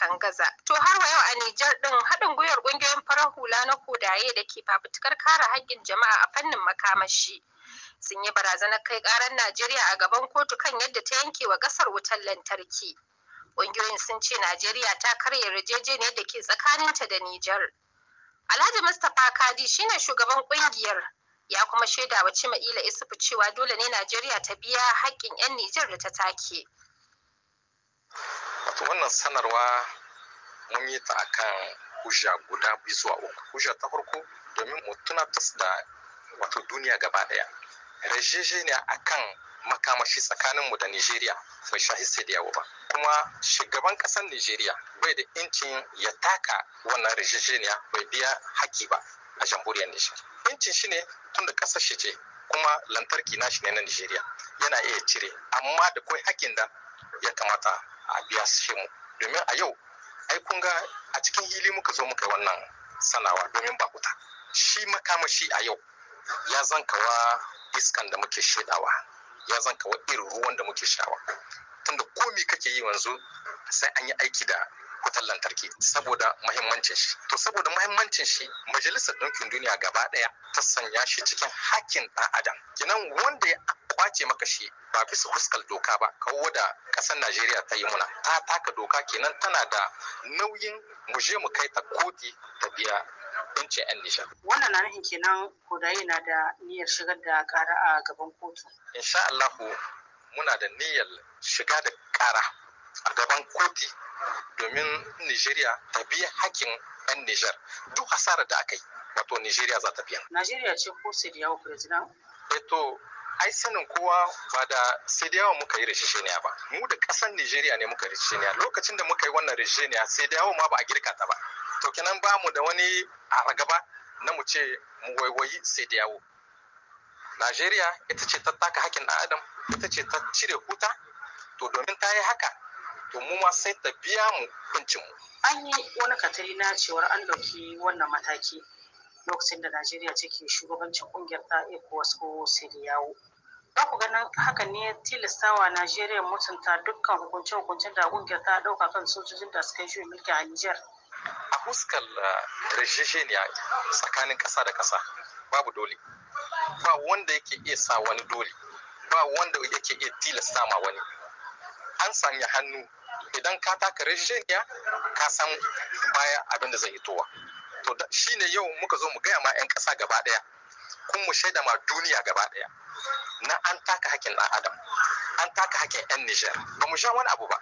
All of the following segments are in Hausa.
Tangaza. To har wa yau a Nijar ɗin haɗin gwiwar ƙungiyoyin farar hula na kodaye da ke fafutukar kare haƙƙin jama'a a fannin makamashi. Sun yi barazanar kai ƙarar Najeriya a gaban kotu kan yadda ta yanke wa ƙasar wutar lantarki. Ƙungiyoyin sun ce Najeriya ta karya yarjejeniyar da ke tsakaninta da Nijar. Alhaji Mustapha Kadi shine shugaban ƙungiyar ya kuma shaida wa ila Isufu cewa dole ne Najeriya ta biya haƙƙin 'yan Nijar da ta take. wato wannan sanarwa mun yi ta akan hujja guda biyu zuwa uku hujja ta farko domin mu tunatas da wato duniya gaba daya ne akan makamashi tsakanin mu da Nigeria bai sha hisse da yawo ba kuma shugaban kasar Nigeria bai da incin ya taka wannan ne bai biya haki ba a jamhuriyar Nijar incin shine tun da kasar shi ce kuma lantarki nashi ne na Nigeria yana iya cire amma da kai hakin da ya kamata a biya su mu domin a yau ai kun ga a cikin hili muka zo muka wannan sanawa domin bakuta shi makamashi a yau ya zankawa iskan da muke shedawa ya zankawa irin ruwan da muke shawa tunda komi kake yi wanzu sai an yi aiki da wutar lantarki saboda mahimmancin shi to saboda mahimmancin shi majalisar ɗinkin duniya gaba ɗaya ta sanya shi cikin hakkin ɗan adam kinan wanda ya kwace maka shi ba bisa fuskar doka ba kawo da ƙasar najeriya ta yi muna ta taka doka kenan tana da nauyin mu je mu kai ta koti ta biya bincin 'yan nijar wannan na nufin kenan kodayi na da niyyar shigar da ƙara a gaban kotu insha allahu muna da niyyar shiga da ƙara a gaban koti domin Nijeriya ta biya hakkin 'yan Nijar duk hasarar da aka yi wato Nijeriya za ta biya. Najeriya ce ko Sadiyawa President? Eto eh ai sanin kowa ba da sai da yawa muka yi rishiniya ba mu da kasan Nijeriya ne muka rishiniya lokacin da muka yi wannan rishiniya sai da yawa ma ba a girka ta ba to kenan ba mu da wani a gaba na mu ce mu waiwayi sai da yawo Najeriya ita ce ta taka hakin dan adam ita ce ta cire huta to domin ta yi haka to mu ma sai ta biya mu kuncin mu an yi wani katari na cewar an ɗauki wannan mataki lokacin da Najeriya take shugabancin kungiyar ta ECOWAS ko yawo. Za ku ganin hakan ne ya tilastawa Najeriya mutunta dukkan hukunce-hukuncen da kungiyar ta ɗauka kan sojojin da suka yi juyin mulki a Nijar. A fuskar uh, ya tsakanin ƙasa da ƙasa babu dole. Ba wanda yake iya sa wani dole. Ba wanda yake iya tilasta ma wani. An sanya hannu idan ka taka ya ka san baya abin da zai towa. to shine yau muka zo mu gaya ma 'yan ƙasa gaba ɗaya kun mu shaida ma duniya gaba ɗaya na an taka hakkin ɗan adam an taka hakkin 'yan nijar ba mu sha wani abu ba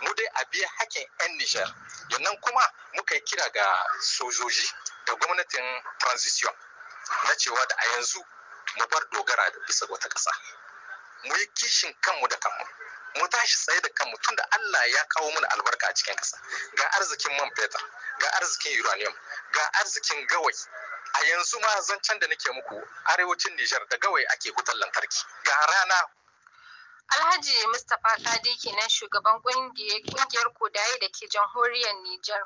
mu dai a biya hakkin 'yan nijar yannan kuma muka yi kira ga sojoji da gwamnatin transition na cewa da a yanzu mu bar dogara da bisa wata ƙasa mu yi kishin kanmu da kanmu mu tashi tsaye da kanmu da Allah ya kawo mana albarka a cikin kasa ga arzikin man fetur ga arzikin uranium ga arzikin gawai a yanzu ma zancen da nake muku arewacin Nijar da gawai ake wutar lantarki ga rana Alhaji Mustapha Kadi kenan shugaban kungiyar kodaye da ke jamhuriyar Nijar.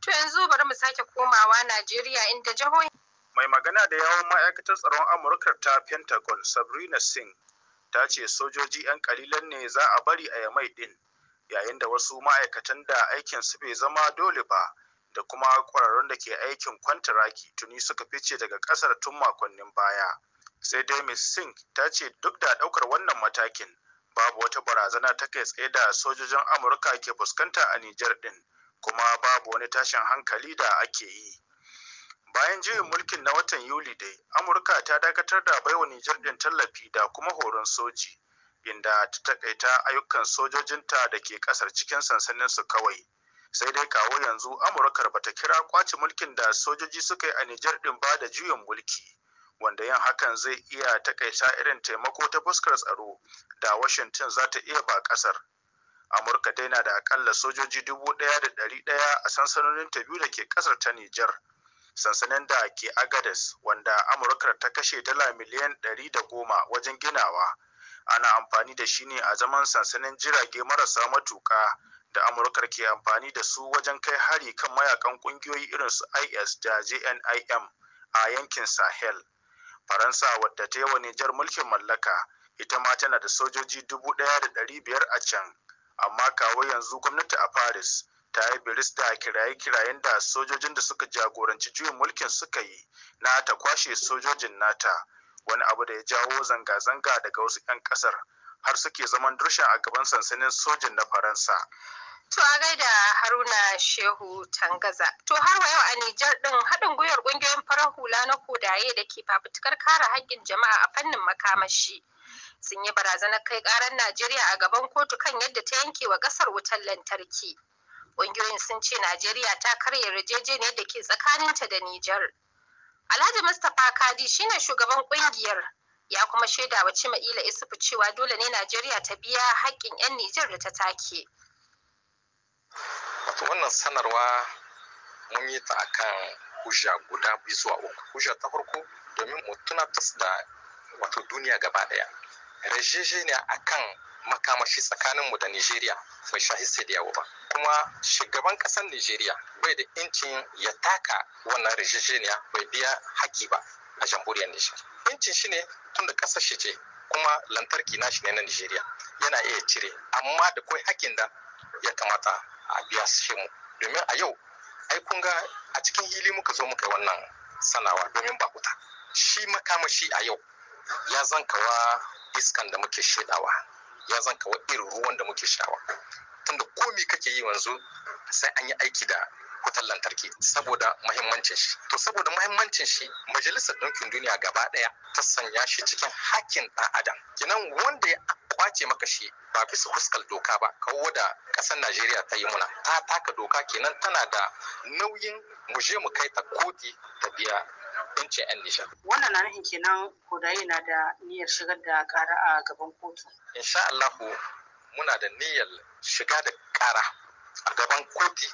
To yanzu bari mu sake komawa Najeriya inda jihohi. Mai magana da yawon ma'aikatar tsaron Amurka ta Pentagon Sabrina Singh ta ce sojoji 'yan kalilan ne za a bari a yamai din yayin da wasu ma'aikatan da aikin su bai zama dole ba da kuma kwararrun da ke aikin kwantaraki tuni suka fice daga kasar tun makonnin baya sai dai miss singh ta ce duk da daukar wannan matakin babu wata barazana ta kai tsaye da sojojin amurka ke fuskanta a nijar din kuma babu wani tashin hankali da ake yi bayan juyin mulkin na watan yuli dai amurka ta dakatar da baiwa nijar din tallafi da kuma horon soji inda ta takaita ayyukan sojojinta da ke kasar cikin sansaninsu kawai sai dai kawo yanzu amurkar bata kira kwaci mulkin da sojoji suka yi a nijar din ba da juyin mulki wanda yin hakan zai iya takaita irin taimako ta fuskar tsaro da washington za ta iya ba kasar amurka dai na da akalla sojoji dubu ɗaya da ɗari ɗaya a sansanonin ta biyu da ke kasar ta nijar sansanin da ke agadas wanda amurka ta kashe dala miliyan ɗari da goma wajen ginawa ana amfani da shi ne a zaman sansanin jirage marasa matuka da Amurkar ke amfani da su wajen kai hari kan mayakan kungiyoyi irin su is da jnim a yankin sahel faransa wadda ta yi nijar mulkin mallaka ita ma tana da sojoji dubu ɗaya da ɗari biyar a can amma kawo yanzu gwamnati a paris ta yi biris da kiraye-kirayen da sojojin da suka jagoranci juyin mulkin suka yi na ta kwashe sojojin nata wani abu da ya jawo zanga-zanga daga wasu 'yan kasar har suke zaman durshen a gaban sansanin sojin na faransa To a gaida Haruna Shehu Tangaza. To har wa yau a Nijar ɗin haɗin gwiwar ƙungiyoyin farar hula na kodaye da ke fafutukar kare haƙƙin jama'a a fannin makamashi. Sun yi barazanar kai ƙarar Najeriya a gaban kotu kan yadda ta yanke wa ƙasar wutar lantarki. Ƙungiyoyin sun ce Najeriya ta karya yarjejeniyar da ke tsakaninta da Nijar. Alhaji Mustapha Kadi shine shugaban ƙungiyar ya kuma shaida wa Cima'ila Isufu cewa dole ne Najeriya ta biya haƙƙin 'yan Nijar da ta take. Wato wannan sanarwa mun yi ta akan kusha guda biyu zuwa uku. Kusha ta farko domin mu tunatas da wato duniya gaba ɗaya. Rajejeniya akan makamashi tsakaninmu da Nijeriya bai sha sai da yawo ba. kuma shugaban kasar Nijeriya bai da incin ya taka wannan rijijiniya bai biya haki ba a jamhuriyar Nijar. Incin shi ne tun da kasar shi ce kuma lantarki nashi ne na Nijeriya yana iya cire amma da kai hakin da ya kamata a biya shi mu domin a yau ai kun ga a cikin hili muka zo muka wannan sanawa domin ba kuta shi makamashi a yau ya zankawa iskan da muke shaidawa, ya zankawa irin ruwan da muke shawa tunda komi kake yi wanzu sai an yi aiki da wutar lantarki saboda mahimmancin shi to saboda mahimmancin shi majalisar ɗinkin duniya gaba ɗaya ta sanya shi cikin hakkin ɗan adam kinan wanda ya kwace maka shi ba bisa huskar doka ba kawo da ƙasar najeriya ta yi muna ta taka doka kenan tana da nauyin muje mu kai ta koti ta biya bincin yan nisha. wannan na nufin kenan da yana da niyyar shigar da ƙara a gaban kotu insha muna da niyyar shiga da ƙara a gaban koti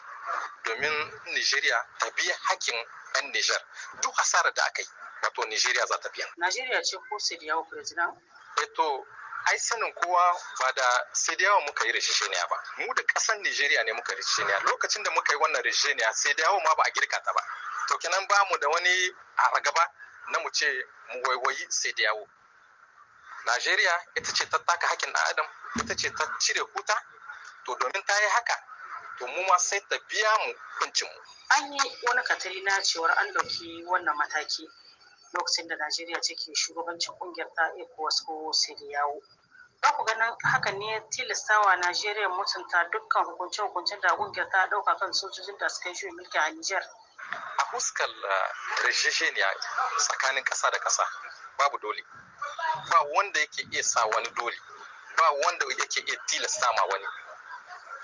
domin Nigeria ta biya hakkin 'yan Nijar duk hasarar da aka yi wato Nigeria za ta biya. Nigeria ce ko Sidiyawa president? Eto eh ai sanin kowa ba da Sidiyawa muka yi rishishiniya ba. Mu da ƙasar Nigeria ne muka rishishiniya lokacin da muka yi wannan rishishiniya Sidiyawa ma ba a girka ta ba. To kenan ba mu da wani a gaba na mu ce mu waiwayi Sidiyawa. Najeriya ita ce ta taka hakkin ɗan adam ita ce ta cire huta to domin ta yi haka to mu ma sai ta biya mu kuncin mu an yi wani katari na cewar an dauki wannan mataki lokacin da Najeriya take shugabancin kungiyar ta ECOWAS ko yawo. za ku ganin hakan ne tilastawa Najeriya mutunta dukkan hukunce-hukuncen da kungiyar ta dauka kan sojojin da suka yi shi mulki a Nijar. A fuskar uh, rishishiniya tsakanin ƙasa da ƙasa babu dole. Ba wanda yake iya sa wani dole. Ba wanda yake iya tilasta ma wani.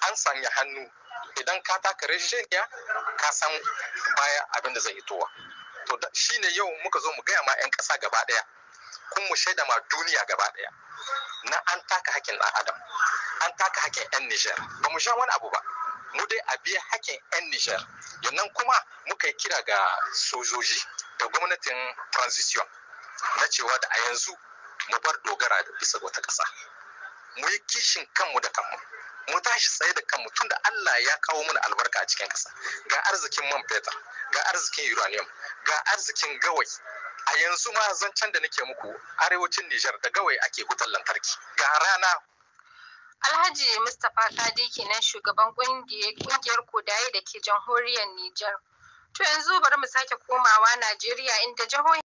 an sanya hannu idan ka taka ka san baya abin da zai hitowa to shine yau muka zo mu gaya ma 'yan ƙasa gaba ɗaya kun mu shaida ma duniya gaba ɗaya na an taka hakin ɗan adam an taka hakin 'yan nijar ba mu sha wani abu ba mu dai a biya hakin 'yan nijar yannan kuma muka yi kira ga sojoji da gwamnatin transition na cewa da a yanzu mu bar dogara da bisa wata ƙasa mu yi kishin kanmu da kanmu mu tashi tsaye da kanmu tunda Allah ya kawo mana albarka a cikin ƙasa ga arzikin man fetur ga arzikin uranium ga arzikin gawai a yanzu ma zancen da nake muku arewacin Nijar da gawai ake wutar lantarki ga rana Alhaji Mustapha Kadi kenan shugaban kungiyar kodaye da ke jamhuriyar Nijar. To yanzu bari mu sake komawa Najeriya inda jihohi